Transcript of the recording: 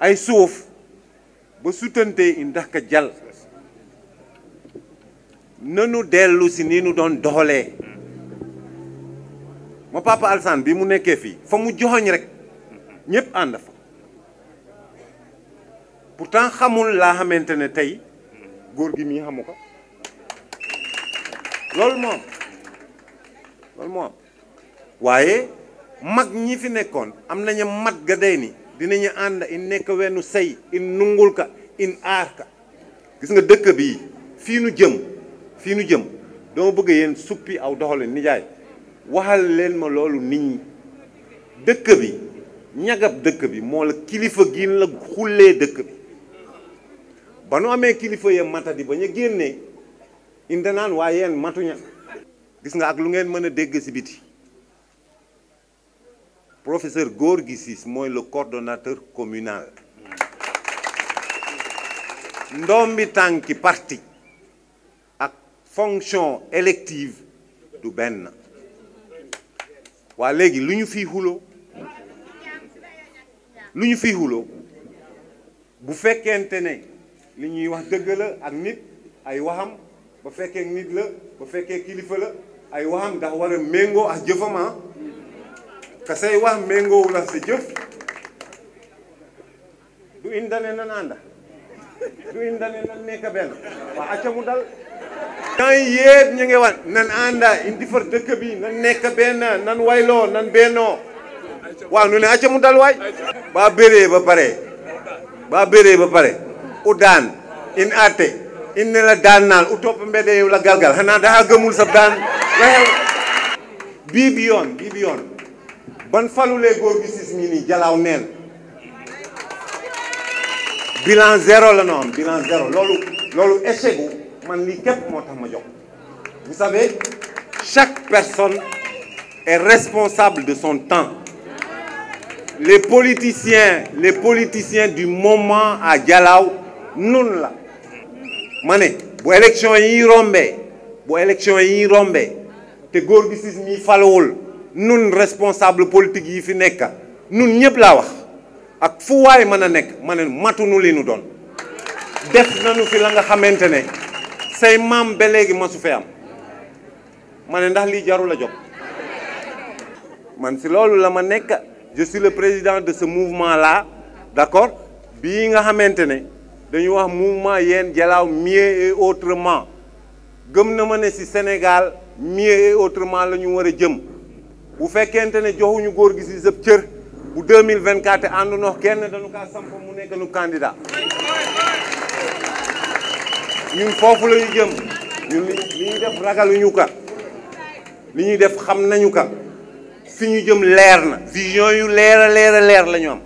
ay suuf ba sutantee i ndax ka jàll nu dellu si ni nu doon doxalee ma papa Alsaan bi mu nekkee fii fa mu joxoñ rek ñépp ànd fa pourtant xamul laa xamante ne tey góor gi mii xamu ko loolu moo loolu moo waaye mag ñi fi nekkoon am nañu mat ga day ni dinañu ànd in nekk wenn say in nungul ka in aar ka gis nga dëkk bii fii nu jëm fii nu jëm dama bëgg yéen suppi aw doxalin nijaay waxal leen ma loolu nit ñi dëkk bi ñagab dëkk bi moo la kilifa gin la xullee dëkk bi ba nu amee kilifa ya matadi ba ñu génnee indi naan waaye yéen matuña gis nga ak lu ngeen mën a dégg si biti professeur Gorgisis, moi, le coordonnateur communal ndombi Tanki parti ak fonction élective du Ben. Wa légui luñu fi hulo luñu fi hulo bu fekkente ne liñuy wax dëgg la ak nit ay waxam ba fekkee nit la ba fekkee kilifa la ay waxam ndax wara a méngoo ak ka say wax méngoowul ak sa du indale nan ànda du indale nan nekk benn waa acca mu dal temps yépp ñu ngi nan ànda indi far dëkk bi nan nekk benn nan wayloo nan bennoo waaw nu ne acca mu dal waay ba béree ba pare ba béree ba pare u daan in atte in ne la daan u topp mbedd la galgal xanaa daa gëmul sa daan waxew bii bi bii bi ban falou les gi mini mii bilan zéro le nom, bilan zéro Lolo, lolo, échec gu man li kep moo ma jox vous savez chaque personne est responsable de son temps les politiciens les politiciens du moment à Dialaw nun la Mané, bo élection yi rombé bu élection yi rombé te góor gi siis nous, responsable politique politiques fi nun sommes wax ak fu nous sommes là, nous ne li nous la nga je suis le président de ce mouvement là d'accord Ce nga vous nous dañu un mouvement Yeen mieux et autrement gëm nous ma au Sénégal mieux et autrement nous bu fekkente ne joxuñu góor gi si sëb cër bu 2024 te ànd nox kenn dañu kaa samp mu nekk nu candidat ñun foofu lañu jëm ñun li ñuy def ragaluñu ka li ñu def xam nañu ka fi ñu jëm leer na vision yu leer a leer a leer la am